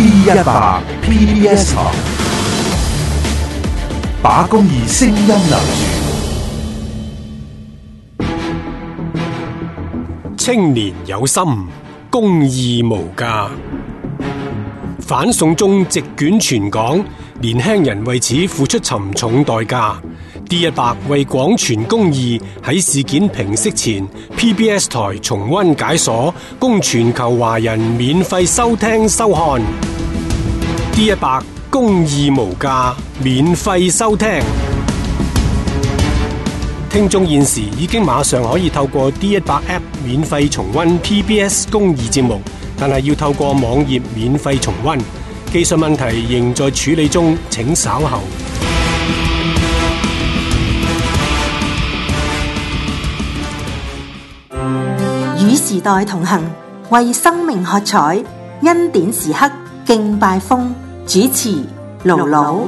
P 一百 PBS 台，把公義聲音留住。青年有心，公義無價。反送中席捲全港，年輕人為此付出沉重代價。D 一百為廣傳公義喺事件平息前，PBS 台重温解鎖，供全球華人免費收聽收看。D 一百公義無價，免費收聽。聽眾現時已經馬上可以透過 D 一百 App 免費重温 PBS 公義節目，但係要透過網頁免費重温，技術問題仍在處理中，請稍後。與時代同行，為生命喝彩，恩典時刻敬拜風。主持：盧盧。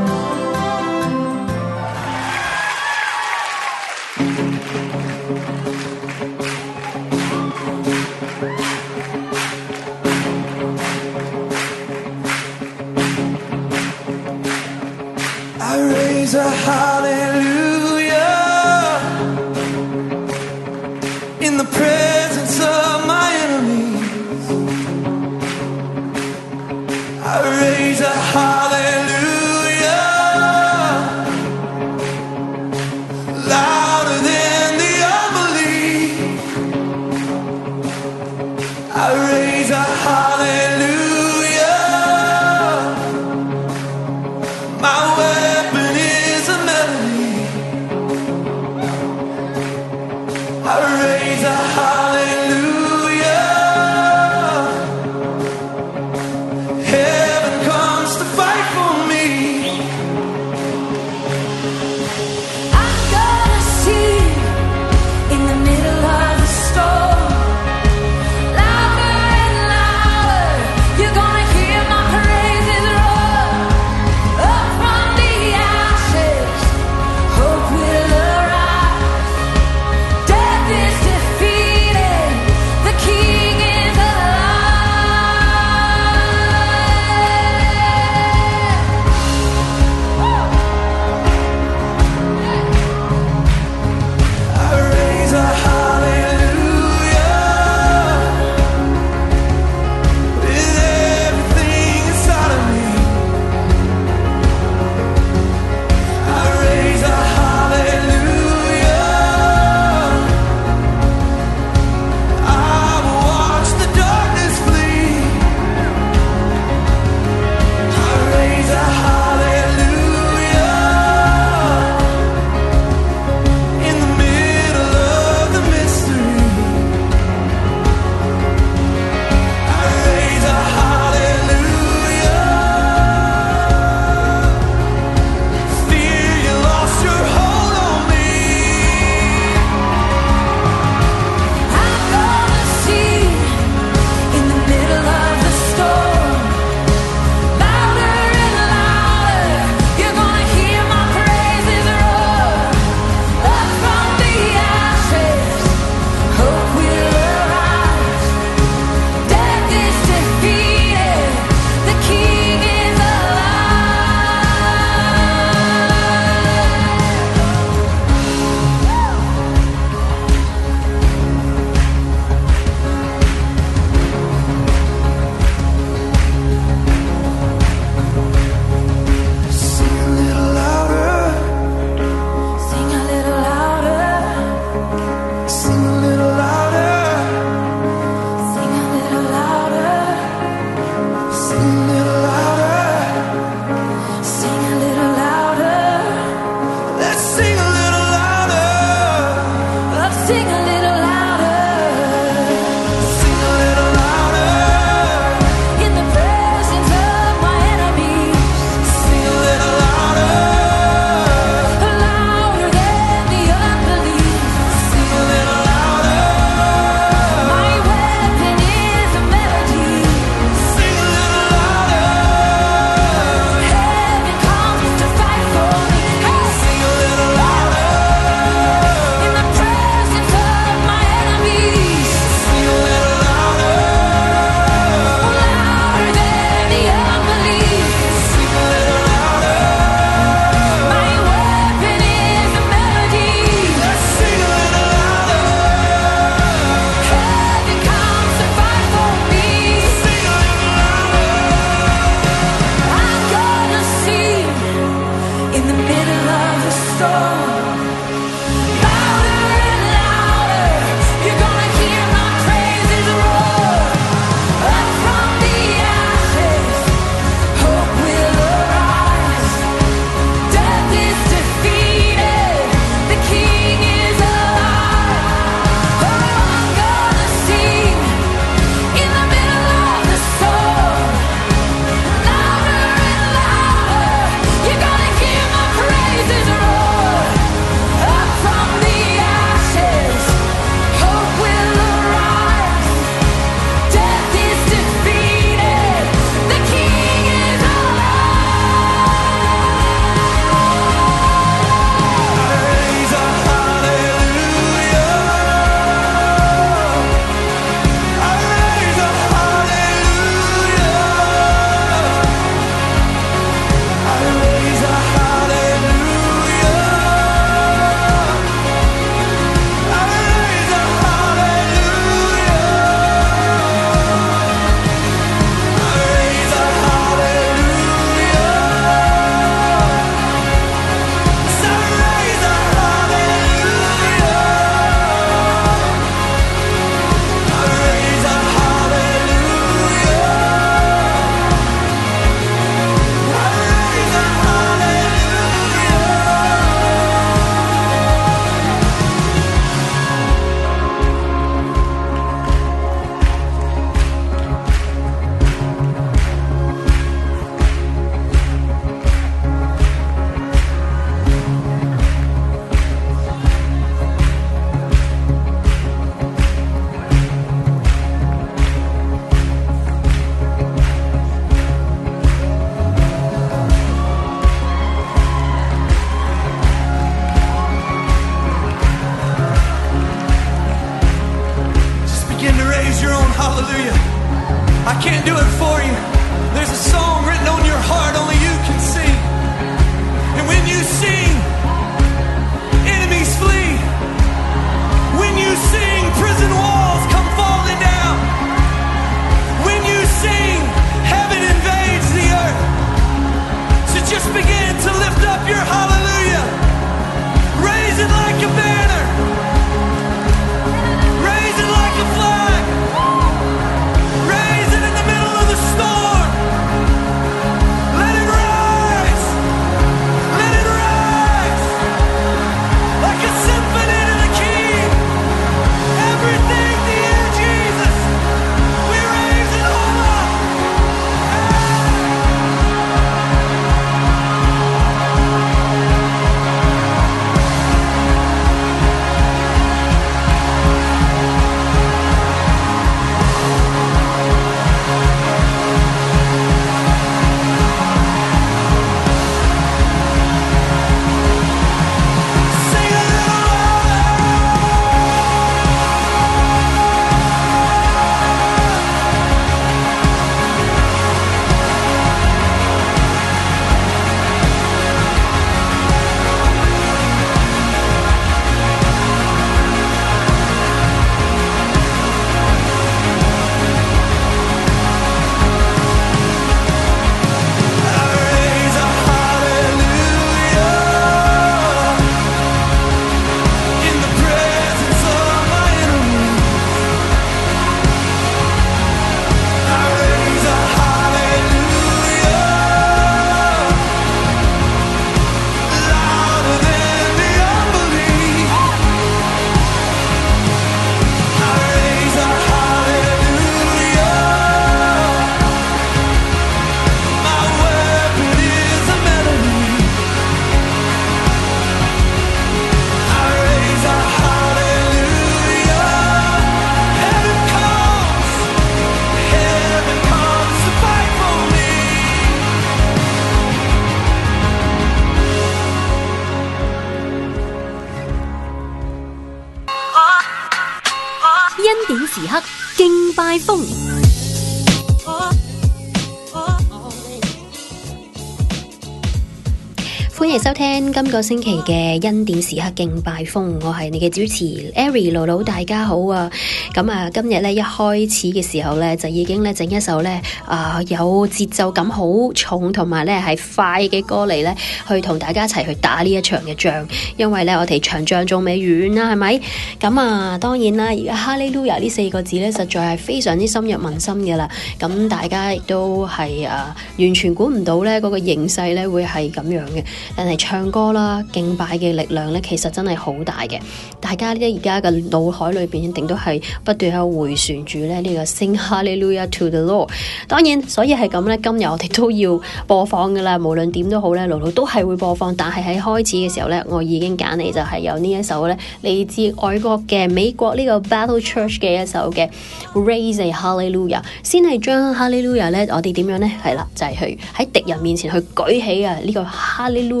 歡迎收聽今個星期嘅恩典時刻敬拜風，我係你嘅主持 Eri 露露，大家好啊！咁啊，今日咧一開始嘅時候咧，就已經咧整一首咧啊、呃、有節奏感好重同埋咧係快嘅歌嚟咧，去同大家一齊去打呢一場嘅仗，因為咧我哋場仗仲未完啦，係咪？咁啊，當然啦，而家哈利路亞呢四個字咧，實在係非常之深入民心噶啦。咁大家亦都係啊，完全估唔到咧嗰個形勢咧會係咁樣嘅。但係唱歌啦，敬拜嘅力量咧，其實真係好大嘅。大家咧而家嘅腦海裏邊一定都係不斷喺回旋住咧呢、這個 Sing Hallelujah to the Lord。當然，所以係咁咧，今日我哋都要播放噶啦。無論點都好咧，老老都係會播放。但係喺開始嘅時候咧，我已經揀嚟，就係有呢一首咧，嚟自外國嘅美國呢個 Battle Church 嘅一首嘅 Raise a Hallelujah。先係將 Hallelujah 咧，我哋點樣咧？係啦，就係、是、去喺敵人面前去舉起啊呢個 Hallelujah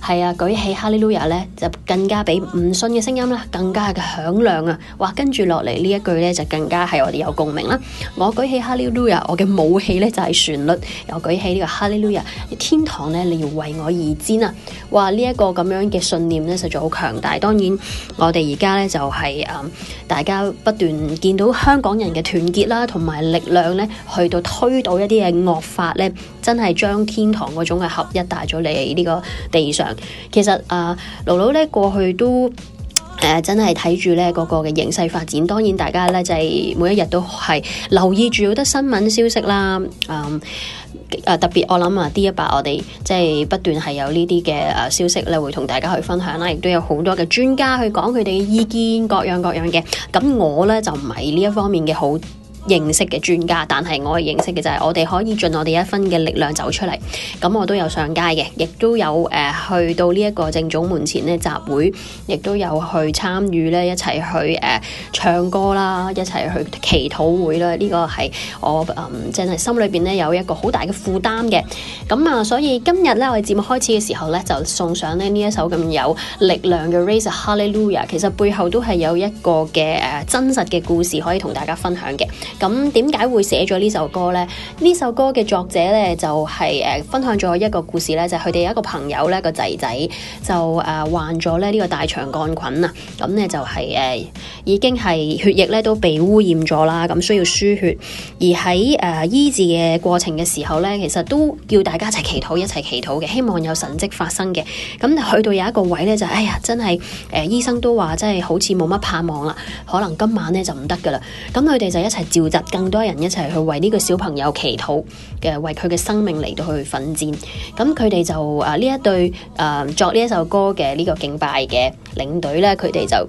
係啊，舉起哈利路亞咧，就更加比唔信嘅聲音啦，更加嘅響亮啊！哇，跟住落嚟呢一句咧，就更加係我哋有共鳴啦！我舉起哈利路亞，我嘅武器咧就係旋律，又舉起呢個哈利路亞，天堂咧你要為我而戰啊！哇，呢一個咁樣嘅信念咧，實在好強大。當然，我哋而家咧就係嗯，大家不斷見到香港人嘅團結啦，同埋力量咧，去到推倒一啲嘅惡法咧，真係將天堂嗰種嘅合一帶咗你呢個地上。其實啊，盧盧咧過去都誒、呃，真係睇住咧個個嘅形勢發展。當然，大家咧就係、是、每一日都係留意住好多新聞消息啦。誒、嗯、呃、特別我諗啊，D 一百我哋即係不斷係有呢啲嘅誒消息咧，會同大家去分享啦。亦都有好多嘅專家去講佢哋嘅意見，各樣各樣嘅。咁我咧就唔係呢一方面嘅好。認識嘅專家，但係我認識嘅就係我哋可以盡我哋一分嘅力量走出嚟。咁我都有上街嘅，亦都有誒、呃、去到呢一個政總門前咧集會，亦都有去參與咧一齊去誒、呃、唱歌啦，一齊去祈禱會啦。呢、這個係我真即係心裏邊咧有一個好大嘅負擔嘅。咁啊，所以今日咧，我哋節目開始嘅時候咧，就送上咧呢一首咁有力量嘅《Raise a Hallelujah》。其實背後都係有一個嘅誒、呃、真實嘅故事可以同大家分享嘅。咁點解會寫咗呢首歌呢？呢首歌嘅作者呢，就係誒分享咗一個故事呢，就係佢哋有一個朋友，呢個仔仔就誒患咗咧呢個大腸桿菌啊，咁呢就係誒已經係血液咧都被污染咗啦，咁需要輸血。而喺誒醫治嘅過程嘅時候呢，其實都叫大家一齊祈禱，一齊祈禱嘅，希望有神蹟發生嘅。咁去到有一個位呢，就哎呀，真係誒醫生都話真係好似冇乜盼望啦，可能今晚呢，就唔得噶啦。咁佢哋就一齊照。更多人一齊去為呢個小朋友祈禱嘅，為佢嘅生命嚟到去奮戰。咁佢哋就啊呢一對誒、啊、作呢一首歌嘅呢、這個敬拜嘅領隊呢，佢哋就。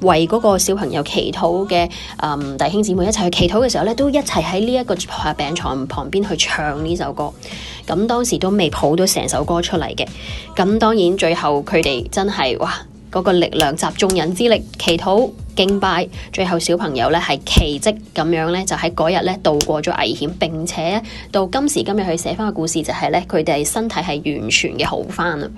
為嗰個小朋友祈禱嘅誒，弟兄姊妹一齊去祈禱嘅時候呢，都一齊喺呢一個病床旁邊去唱呢首歌。咁當時都未譜到成首歌出嚟嘅。咁當然最後佢哋真係哇，嗰個力量集眾人之力祈禱。敬拜，最後小朋友咧係奇蹟咁樣咧，就喺嗰日咧度過咗危險，並且到今時今日去寫翻個故事就呢，就係咧佢哋身體係完全嘅好翻啦。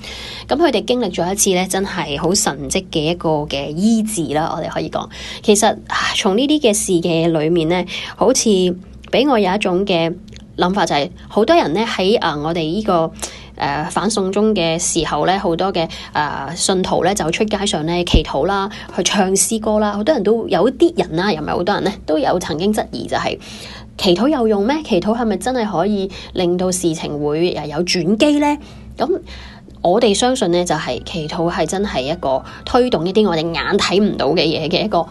咁佢哋經歷咗一次咧，真係好神蹟嘅一個嘅醫治啦。我哋可以講，其實從呢啲嘅事嘅裏面咧，好似俾我有一種嘅諗法、就係，就係好多人咧喺啊，我哋呢、呢個。誒、呃、反送中嘅時候咧，好多嘅啊、呃、信徒咧就出街上咧祈禱啦，去唱詩歌啦，好多人都有啲人啦，又唔係好多人咧，都有曾經質疑就係、是、祈禱有用咩？祈禱係咪真係可以令到事情會誒有轉機咧？咁我哋相信咧，就係、是、祈禱係真係一個推動一啲我哋眼睇唔到嘅嘢嘅一個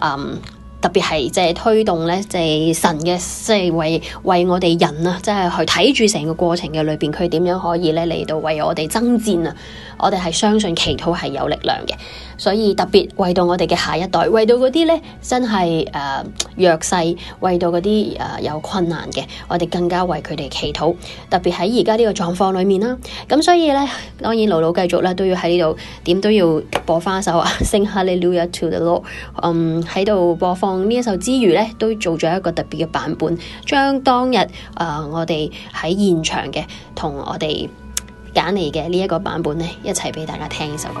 嗯。特別係即係推動咧，即係神嘅，即係為為我哋人啊，即係去睇住成個過程嘅裏邊，佢點樣可以咧嚟到為我哋爭戰啊！我哋係相信祈禱係有力量嘅。所以特別為到我哋嘅下一代，為到嗰啲咧真係誒、呃、弱勢，為到嗰啲誒有困難嘅，我哋更加為佢哋祈禱。特別喺而家呢個狀況裏面啦，咁所以咧，當然老老繼續咧都要喺呢度，點都要播翻一首啊，Sing Hallelujah to the Lord。嗯，喺度播放呢一首之餘咧，都做咗一個特別嘅版本，將當日誒、呃、我哋喺現場嘅同我哋揀嚟嘅呢一個版本咧，一齊俾大家聽呢首歌。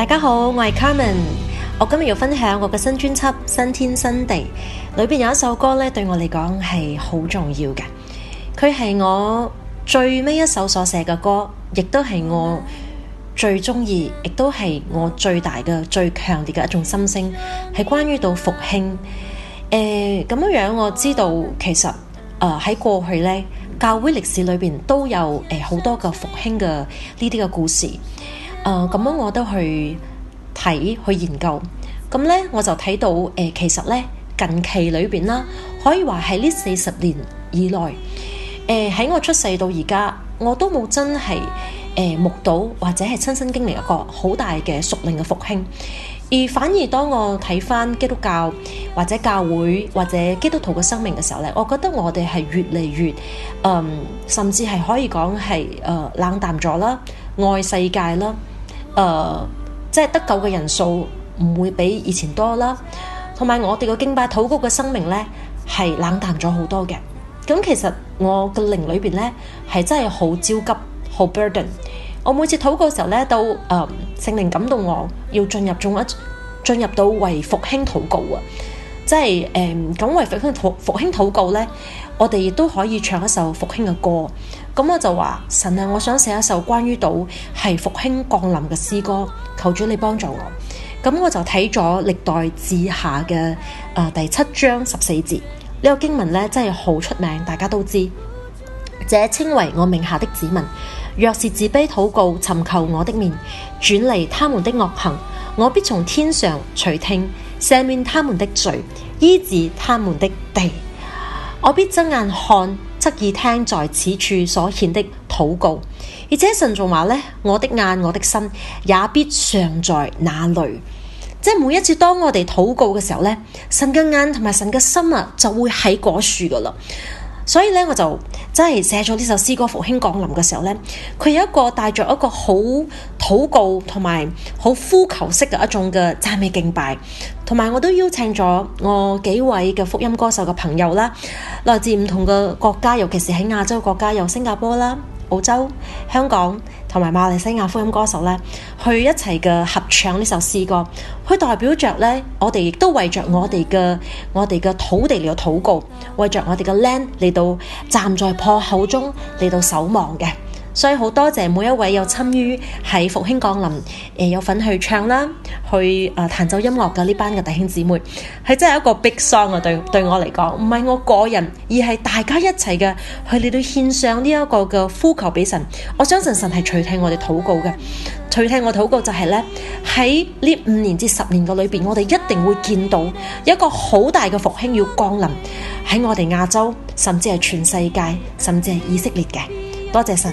大家好，我係 Carmen，我今日要分享我嘅新專輯《新天新地》，裏邊有一首歌咧，對我嚟講係好重要嘅。佢係我最尾一首所寫嘅歌，亦都係我最中意，亦都係我最大嘅，最強烈嘅一種心聲，係關於到復興。誒、呃，咁樣樣我知道，其實誒喺，呃、過去呢，教會歷史裏邊都有誒好、呃、多嘅復興嘅呢啲嘅故事。誒，咁、嗯、樣我都去睇去研究，咁咧我就睇到誒、呃，其實咧近期裏邊啦，可以話喺呢四十年以來，誒、呃、喺我出世到而家，我都冇真係誒、呃、目睹或者係親身經歷一個好大嘅屬靈嘅復興，而反而當我睇翻基督教或者教會或者基督徒嘅生命嘅時候咧，我覺得我哋係越嚟越嗯，甚至係可以講係誒冷淡咗啦，愛世界啦。誒，uh, 即係得救嘅人數唔會比以前多啦，同埋我哋嘅敬拜、禱告嘅生命呢，係冷淡咗好多嘅。咁其實我嘅靈裏邊呢，係真係好焦急、好 burden。我每次禱告嘅時候呢，都誒、uh, 聖靈感動我，要進入種一進入到為復興禱告啊！即係誒咁為復興禱復興禱告呢，我哋亦都可以唱一首復興嘅歌。咁、嗯、我就話神啊，我想寫一首關於到係復興降臨嘅詩歌，求主你幫助我。咁、嗯、我就睇咗歷代志下嘅，誒、呃、第七章十四節呢，呢個經文咧，真係好出名，大家都知。這稱為我名下的子民，若是自卑禱告尋求我的面，轉離他們的惡行，我必從天上垂聽，赦免他們的罪，醫治他們的地。我必睜眼看。執意聽在此處所獻的禱告，而且神仲話呢，我的眼、我的心也必尚在那裏。即係每一次當我哋禱告嘅時候呢，神嘅眼同埋神嘅心啊，就會喺果樹噶啦。所以呢，我就真係寫咗呢首詩歌《復興降臨》嘅時候呢，佢有一個帶着一個好禱告同埋好呼求式嘅一種嘅讚美敬拜，同埋我都邀請咗我幾位嘅福音歌手嘅朋友啦，來自唔同嘅國家，尤其是喺亞洲國家，有新加坡啦。澳洲、香港同埋馬來西亞福音歌手咧，去一齊合唱呢首詩歌，佢代表着咧，我哋亦都為着我哋嘅我哋嘅土地嚟到禱告，為着我哋嘅 land 嚟到站在破口中嚟到守望嘅。所以好多謝每一位有參與喺復興降臨、呃、有份去唱啦，去誒彈、呃、奏音樂嘅呢班嘅弟兄姊妹，係真係一個悲傷啊！對我嚟講，唔係我個人，而係大家一齊嘅，去嚟到獻上呢一個嘅呼求俾神。我相信神係垂聽我哋禱告嘅，垂聽我禱告就係咧喺呢五年至十年嘅裏面，我哋一定會見到一個好大嘅復興要降臨喺我哋亞洲，甚至係全世界，甚至係以色列嘅。多謝神！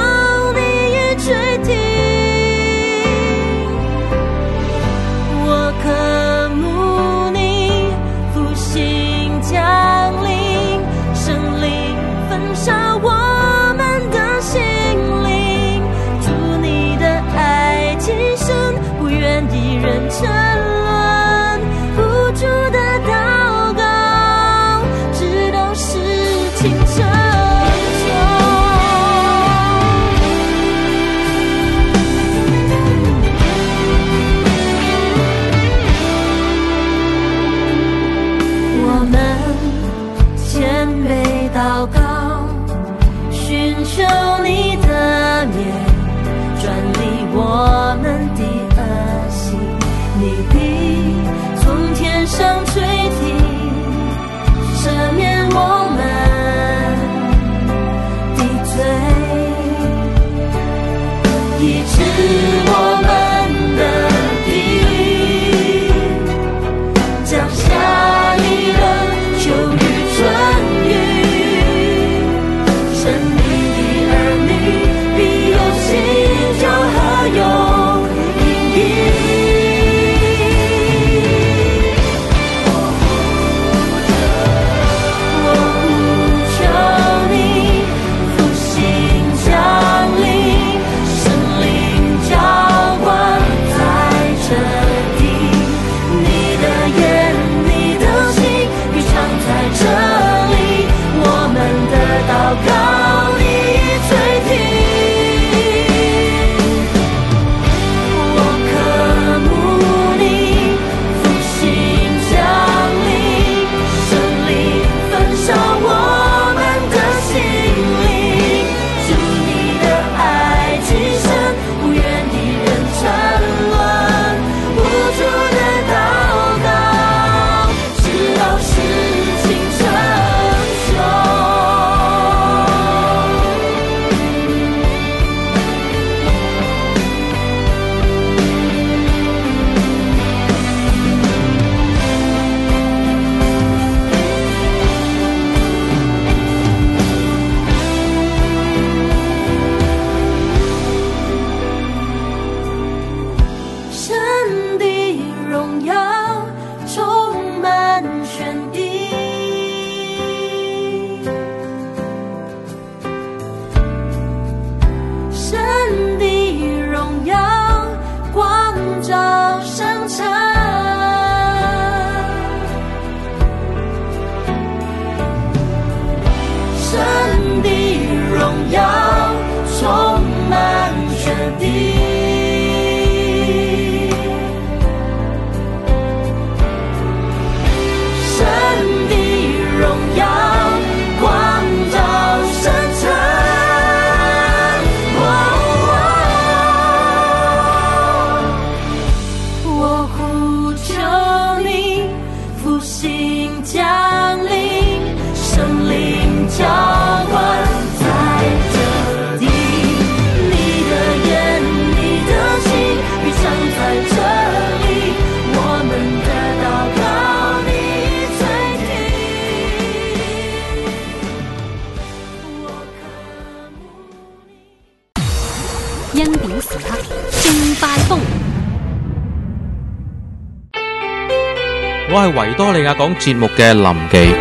維多利亞港節目嘅林記，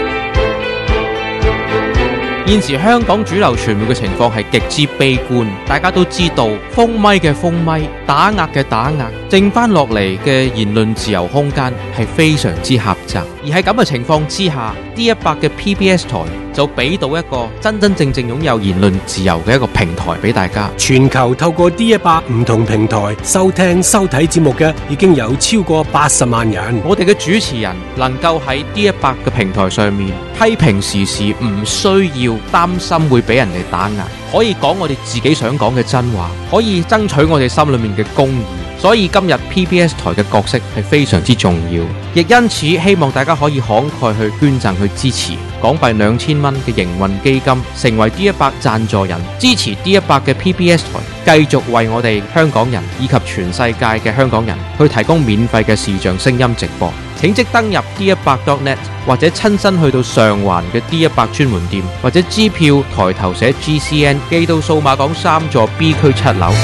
現時香港主流傳媒嘅情況係極之悲觀，大家都知道封咪嘅封咪，打壓嘅打壓，剩翻落嚟嘅言論自由空間係非常之狹。而喺咁嘅情況之下，D 一百嘅 PBS 台就俾到一個真真正正擁有言論自由嘅一個平台俾大家。全球透過 D 一百唔同平台收聽收睇節目嘅已經有超過八十萬人。我哋嘅主持人能夠喺 D 一百嘅平台上面批評時事，唔需要擔心會俾人哋打壓，可以講我哋自己想講嘅真話，可以爭取我哋心裏面嘅公義。所以今日 PBS 台嘅角色係非常之重要，亦因此希望大家可以慷慨去捐贈去支持港幣兩千蚊嘅營運基金，成為 D 一百贊助人，支持 D 一百嘅 PBS 台，繼續為我哋香港人以及全世界嘅香港人去提供免費嘅視像聲音直播。請即登入 D 一百 dotnet 或者親身去到上環嘅 D 一百專門店，或者支票抬頭寫 G C N，寄到數碼港三座 B 區七樓。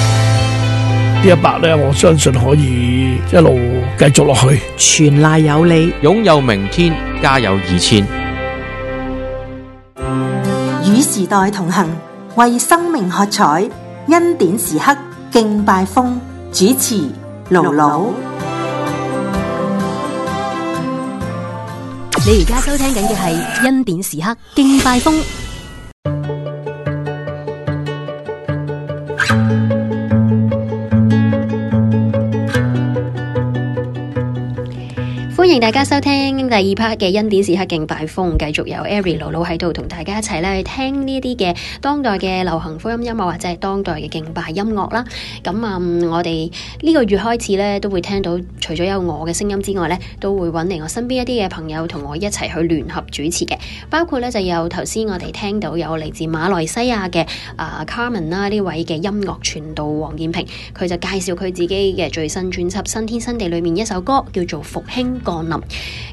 一百咧，我相信可以一路繼續落去。全賴有你，擁有明天，加油！二千，與時代同行，為生命喝彩。恩典時刻，敬拜風，主持勞勞。你而家收聽緊嘅係恩典時刻敬拜風。歡迎大家收聽第二 part 嘅恩典時刻敬拜風，繼續由 Every 老老喺度同大家一齊咧去聽呢啲嘅當代嘅流行福音音樂或者係當代嘅敬拜音樂啦。咁啊、嗯，我哋呢個月開始咧都會聽到，除咗有我嘅聲音之外咧，都會揾嚟我身邊一啲嘅朋友同我一齊去聯合主持嘅，包括咧就有頭先我哋聽到有嚟自馬來西亞嘅啊 Carmen 啦、啊、呢位嘅音樂傳道黃建平，佢就介紹佢自己嘅最新專輯《新天新地》裏面一首歌叫做《復興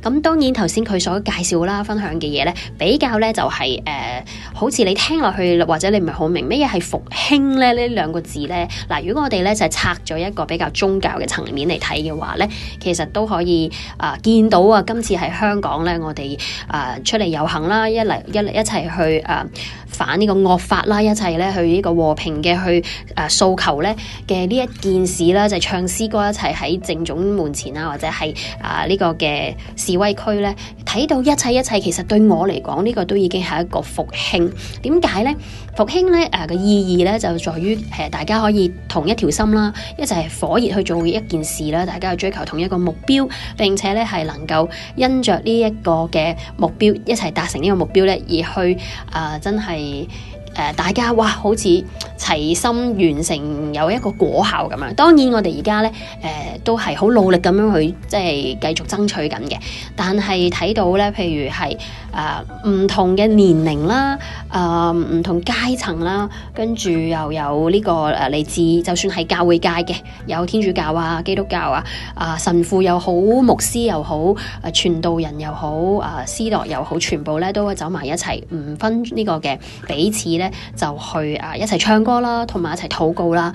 咁，當然頭先佢所介紹啦、分享嘅嘢咧，比較咧就係、是、誒、呃，好似你聽落去或者你唔係好明乜嘢係復興咧呢兩個字咧。嗱、呃，如果我哋咧就係拆咗一個比較宗教嘅層面嚟睇嘅話咧，其實都可以啊、呃、見到啊，今次喺香港咧，我哋啊、呃、出嚟遊行啦，一嚟一一齊去誒、呃、反呢個惡法啦，一齊咧去呢個和平嘅去誒、呃、訴求咧嘅呢一件事啦，就係、唱詩歌一齊喺政總門前啊，或者係啊呢個嘅示威區咧，睇到一切一切，其實對我嚟講呢個都已經係一個復興。點解呢？復興呢誒，嘅、呃、意義呢，就在於誒，大家可以同一條心啦，一齊火熱去做一件事啦，大家去追求同一個目標，並且呢係能夠因着呢一個嘅目標一齊達成呢個目標呢而去誒、呃、真係。誒、呃、大家哇，好似齊心完成有一個果效咁樣。當然我哋而家咧誒都係好努力咁樣去，即、呃、係繼續爭取緊嘅。但係睇到咧，譬如係。啊，唔同嘅年齡啦，啊，唔同階層啦，跟住又有呢、這個誒嚟、啊、自，就算係教會界嘅，有天主教啊、基督教啊，啊神父又好、牧師又好、誒傳道人又好、啊詩樂又好，全部咧都會走埋一齊，唔分呢個嘅彼此咧，就去啊一齊唱歌啦，同埋一齊禱告啦、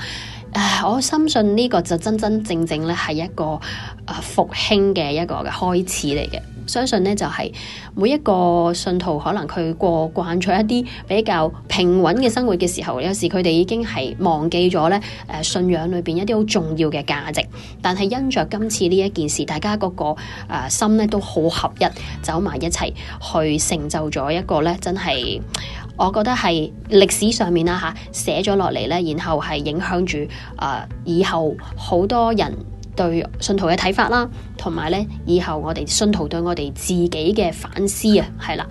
啊。我深信呢個就真真正正咧係一個誒、啊、復興嘅一個嘅開始嚟嘅。相信呢，就係每一個信徒可能佢過慣咗一啲比較平穩嘅生活嘅時候，有時佢哋已經係忘記咗呢誒信仰裏邊一啲好重要嘅價值。但係因着今次呢一件事，大家個個誒心咧都好合一，走埋一齊去成就咗一個咧真係，我覺得係歷史上面啦吓寫咗落嚟咧，然後係影響住誒、呃、以後好多人。對信徒嘅睇法啦，同埋咧以後我哋信徒對我哋自己嘅反思啊，係啦，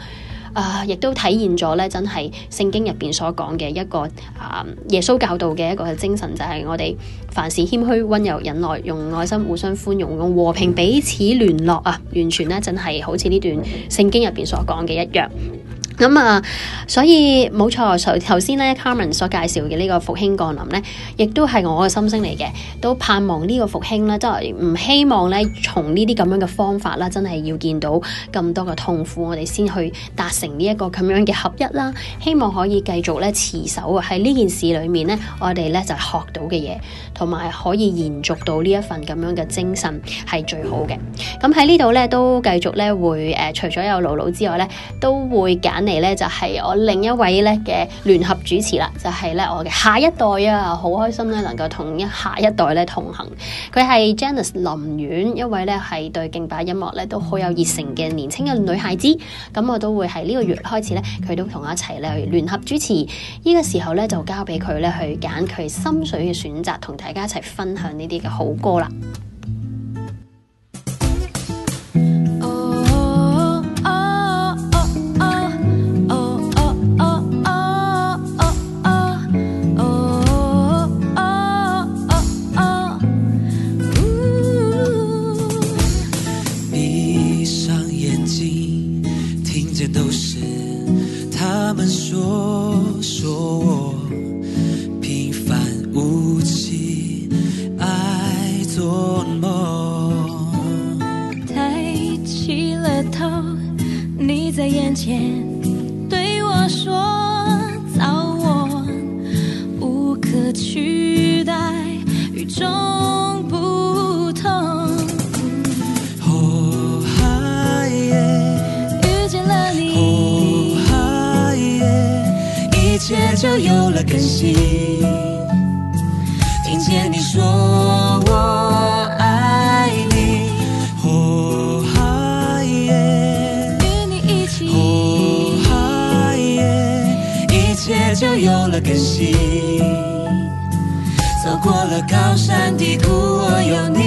啊亦都體現咗咧，真係聖經入邊所講嘅一個啊耶穌教導嘅一個精神，就係、是、我哋凡事謙虛、溫柔、忍耐，用愛心互相寬容，用和平彼此聯絡啊，完全咧真係好似呢段聖經入邊所講嘅一樣。咁啊、嗯，所以冇錯，頭先咧，Carmen 所介紹嘅呢個復興降臨咧，亦都係我嘅心聲嚟嘅，都盼望呢個復興啦，都係唔希望咧，從呢啲咁樣嘅方法啦，真係要見到咁多嘅痛苦，我哋先去達成呢一個咁樣嘅合一啦。希望可以繼續咧持守啊，喺呢件事裏面咧，我哋咧就學到嘅嘢，同埋可以延續到呢一份咁樣嘅精神係最好嘅。咁喺呢度咧都繼續咧會誒、呃、除咗有姥姥之外咧，都會揀。嚟咧就係我另一位咧嘅聯合主持啦，就係、是、咧我嘅下一代啊，好開心咧能夠同一下一代咧同行。佢係 Janice 林苑，一位咧係對勁爆音樂咧都好有熱誠嘅年輕嘅女孩子。咁、嗯、我都會喺呢個月開始咧，佢都同我一齊咧去聯合主持。呢、這個時候咧就交俾佢咧去揀佢心水嘅選擇，同大家一齊分享呢啲嘅好歌啦。他們說說我。就有了更新。聽見你說我愛你，oh, hi, yeah, 與你一起，oh, hi, yeah, 一切就有了更新。走過了高山低谷，我有你。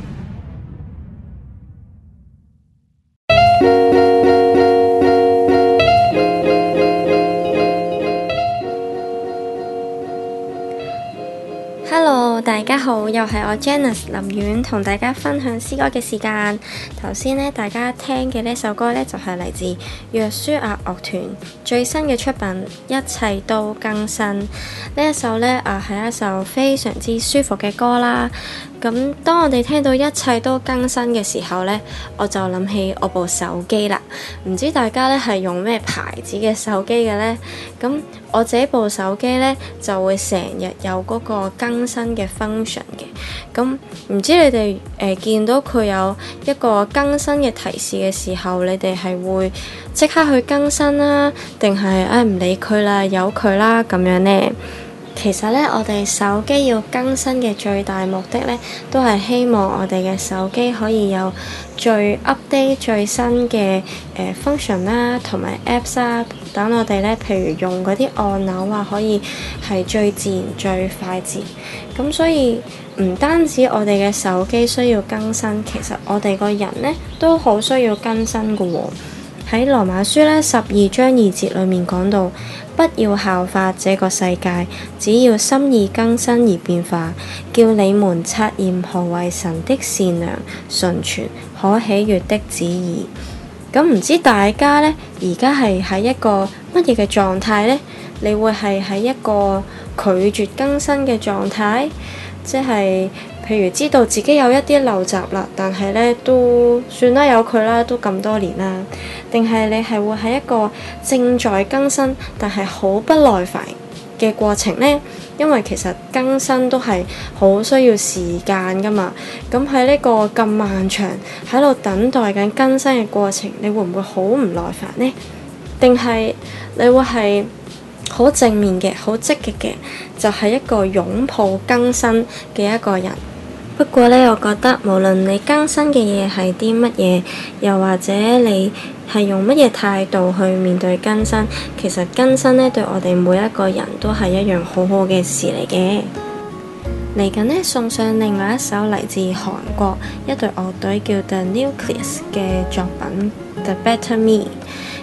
就係我 Janice 林苑同大家分享詩歌嘅時間。頭先呢，大家聽嘅呢首歌呢，就係、是、嚟自約書亞樂團最新嘅出品《一切都更新》呢一首呢，啊、呃、係一首非常之舒服嘅歌啦。咁當我哋聽到一切都更新嘅時候呢，我就諗起我部手機啦。唔知大家呢係用咩牌子嘅手機嘅呢？咁我這部手機呢，就會成日有嗰個更新嘅 function 嘅。咁唔知你哋誒、呃、見到佢有一個更新嘅提示嘅時候，你哋係會即刻去更新、啊、唉啦，定係誒唔理佢啦，由佢啦咁樣呢？其實咧，我哋手機要更新嘅最大目的咧，都係希望我哋嘅手機可以有最 update、最新嘅誒、呃、function 啦、啊，同埋 apps 啦、啊，等我哋咧，譬如用嗰啲按鈕啊，可以係最自然、最快捷。咁所以唔單止我哋嘅手機需要更新，其實我哋個人咧都好需要更新㗎喎、哦。喺羅馬書咧十二章二節裏面講到，不要效法這個世界，只要心意更新而變化，叫你們察驗何為神的善良、純全、可喜悦的旨意。咁唔知大家呢？而家係喺一個乜嘢嘅狀態呢？你會係喺一個拒絕更新嘅狀態，即係。譬如知道自己有一啲陋習啦，但係咧都算啦，有佢啦，都咁多年啦。定係你係會喺一個正在更新，但係好不耐煩嘅過程呢？因為其實更新都係好需要時間噶嘛。咁喺呢個咁漫長喺度等待緊更新嘅過程，你會唔會好唔耐煩呢？定係你會係好正面嘅、好積極嘅，就係一個擁抱更新嘅一個人？不過呢，我覺得無論你更新嘅嘢係啲乜嘢，又或者你係用乜嘢態度去面對更新，其實更新呢對我哋每一個人都係一樣好好嘅事嚟嘅。嚟緊呢，送上另外一首嚟自韓國一隊樂隊叫 The Nucleus 嘅作品《The Better Me》。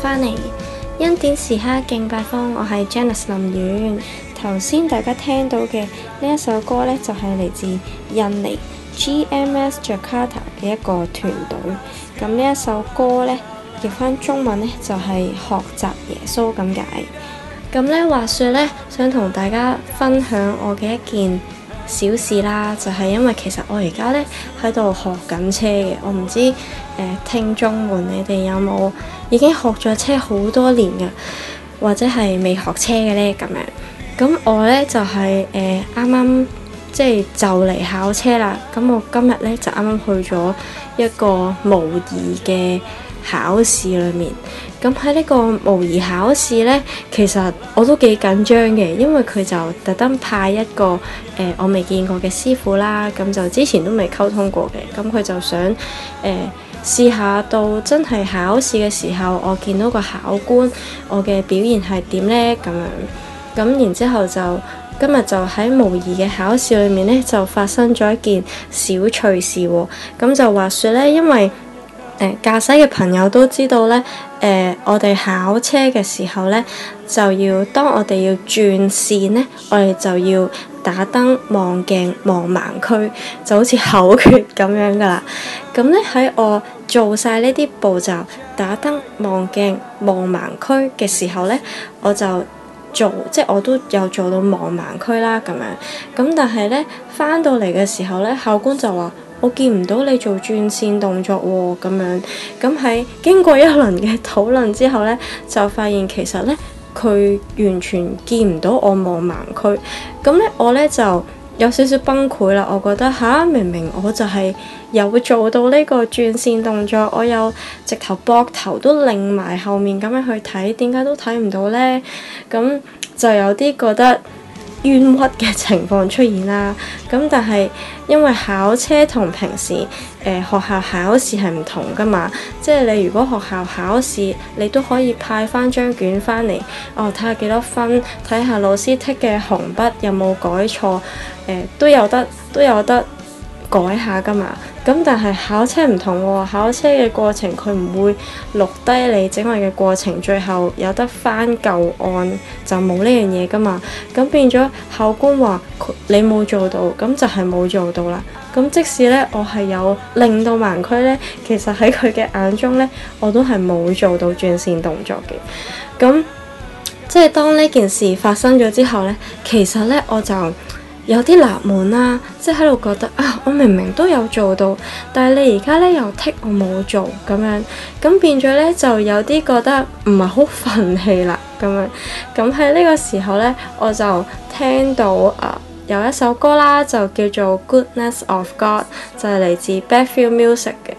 翻嚟恩典時刻敬拜方，我係 Janice 林苑。頭先大家聽到嘅呢一首歌呢，就係嚟自印尼 GMS Jakarta 嘅一個團隊。咁呢一首歌呢，譯翻中文呢，就係學習耶穌咁解。咁呢話說呢，想同大家分享我嘅一件小事啦，就係因為其實我而家呢喺度學緊車嘅，我唔知誒聽眾們你哋有冇已經學咗車好多年呀，或者係未學車嘅呢？咁樣。咁我呢就係誒啱啱即係就嚟考車啦。咁我今日呢，就啱啱去咗一個模擬嘅考試裏面，咁喺呢個模擬考試呢，其實我都幾緊張嘅，因為佢就特登派一個誒、呃、我未見過嘅師傅啦，咁就之前都未溝通過嘅，咁佢就想誒試、呃、下到真係考試嘅時候，我見到個考官，我嘅表現係點呢？咁樣，咁然之後就今日就喺模擬嘅考試裏面呢，就發生咗一件小趣事喎、喔，咁就話説呢，因為。誒、呃、駕駛嘅朋友都知道呢誒、呃、我哋考車嘅時候呢，就要當我哋要轉線呢，我哋就要打燈、望鏡、望盲區，就好似口訣咁樣噶啦。咁、嗯、呢，喺我做晒呢啲步驟，打燈、望鏡、望盲區嘅時候呢，我就做，即、就、係、是、我都有做到望盲區啦咁樣。咁、嗯、但係呢，翻到嚟嘅時候呢，考官就話。我見唔到你做轉線動作喎、哦，咁樣，咁喺經過一輪嘅討論之後呢，就發現其實呢，佢完全見唔到我望盲區，咁咧我呢就有少少崩潰啦，我覺得吓，明明我就係有做到呢個轉線動作，我有直頭膊頭都擰埋後面咁樣去睇，點解都睇唔到呢？咁就有啲覺得。冤屈嘅情況出現啦，咁但係因為考車同平時誒、呃、學校考試係唔同噶嘛，即係你如果學校考試，你都可以派翻張卷翻嚟，哦睇下幾多分，睇下老師剔嘅紅筆有冇改錯，誒都有得都有得。改下噶嘛，咁但係考車唔同喎，啊，考車嘅過程佢唔會錄低你整個嘅過程，最後有得翻舊案就冇呢樣嘢噶嘛，咁變咗考官話你冇做到，咁就係冇做到啦。咁即使呢，我係有令到盲區呢，其實喺佢嘅眼中呢，我都係冇做到轉綫動作嘅。咁即係當呢件事發生咗之後呢，其實呢，我就。有啲納悶啦，即喺度覺得啊，我明明都有做到，但係你而家咧又剔我冇做咁樣，咁變咗咧就有啲覺得唔係好憤氣啦咁樣。咁喺呢個時候咧，我就聽到啊有一首歌啦，就叫做 Goodness of God，就係嚟自 Bethel Music 嘅。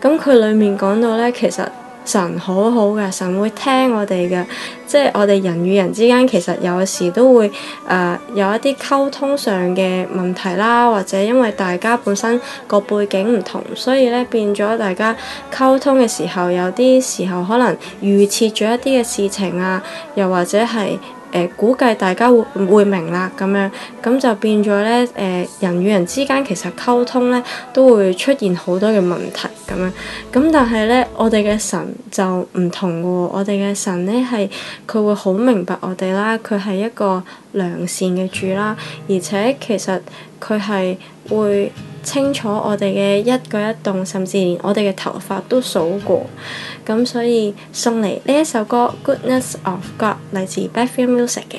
咁佢裡面講到咧，其實。神好好嘅，神會聽我哋嘅，即係我哋人與人之間，其實有時都會誒、呃、有一啲溝通上嘅問題啦，或者因為大家本身個背景唔同，所以呢變咗大家溝通嘅時候，有啲時候可能預設咗一啲嘅事情啊，又或者係。誒、呃、估計大家會會明啦，咁樣咁就變咗咧。誒、呃、人與人之間其實溝通咧，都會出現好多嘅問題咁樣。咁但係咧，我哋嘅神就唔同喎、哦。我哋嘅神咧係佢會好明白我哋啦，佢係一個良善嘅主啦，而且其實佢係會。清楚我哋嘅一舉一動，甚至連我哋嘅頭髮都數過。咁所以送嚟呢一首歌《Goodness of God》嚟自 Bethel Music 嘅。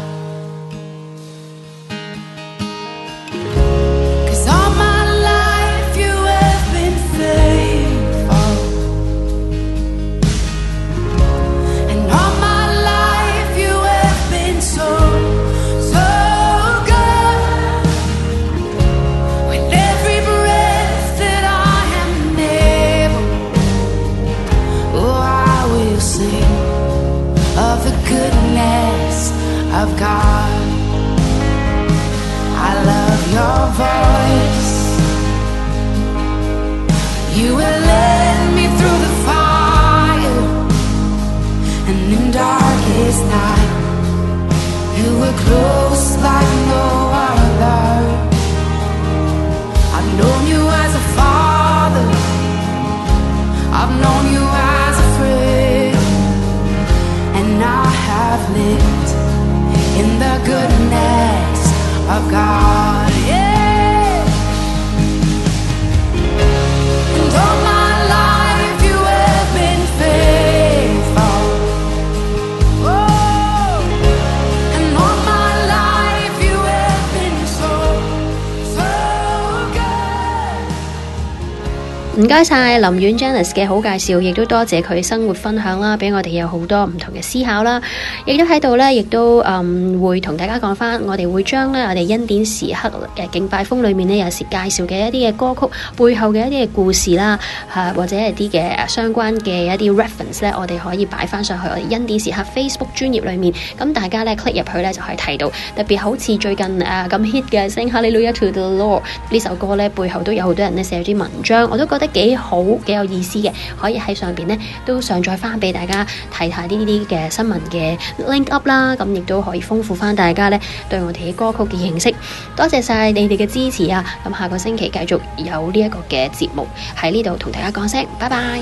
多謝林苑 Janice 嘅好介紹，亦都多謝佢生活分享啦，俾我哋有好多唔同嘅思考啦，亦都喺度咧，亦都嗯會同大家講翻，我哋會將咧我哋恩典時刻嘅敬拜風裏面呢，有時介紹嘅一啲嘅歌曲背後嘅一啲嘅故事啦，吓、啊、或者一啲嘅相關嘅一啲 reference 咧，我哋可以擺翻上去我哋《恩典時刻》Facebook 專頁裏面，咁大家咧 click 入去咧就可以睇到，特別好似最近啊咁 hit 嘅 Sing Hallelujah to the Lord 呢首歌咧，背後都有好多人咧寫咗啲文章，我都覺得幾。好幾有意思嘅，可以喺上邊呢都上載翻俾大家睇下呢啲嘅新聞嘅 link up 啦，咁亦都可以豐富翻大家呢對我哋嘅歌曲嘅認識。多謝晒你哋嘅支持啊！咁下個星期繼續有呢一個嘅節目喺呢度同大家講聲，拜拜。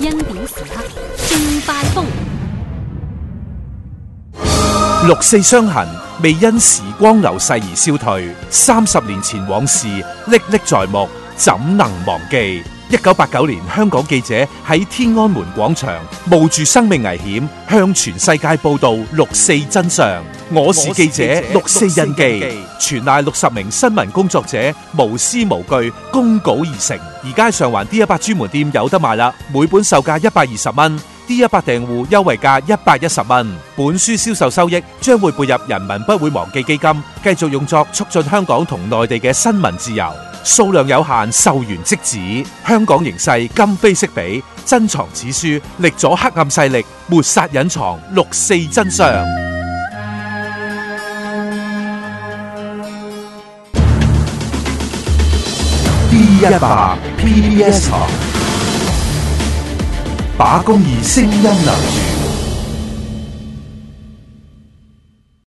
因點時六四傷痕未因時光流逝而消退，三十年前往事歷歷在目，怎能忘記？一九八九年，香港記者喺天安門廣場冒住生命危險向全世界報道六四真相。我是，我是記者，六四印記，全賴六十名新聞工作者無私無懼，公稿而成。而家上環 D 一百專門店有得賣啦，每本售價一百二十蚊。D 一百訂戶優惠價一百一十蚊，本書銷售收益將會撥入人民不會忘記基金，繼續用作促進香港同內地嘅新聞自由。數量有限，售完即止。香港形勢今非昔比，珍藏此書，力阻黑暗勢力抹殺隱藏六四真相。D 一百 PBS 把公義聲音留住。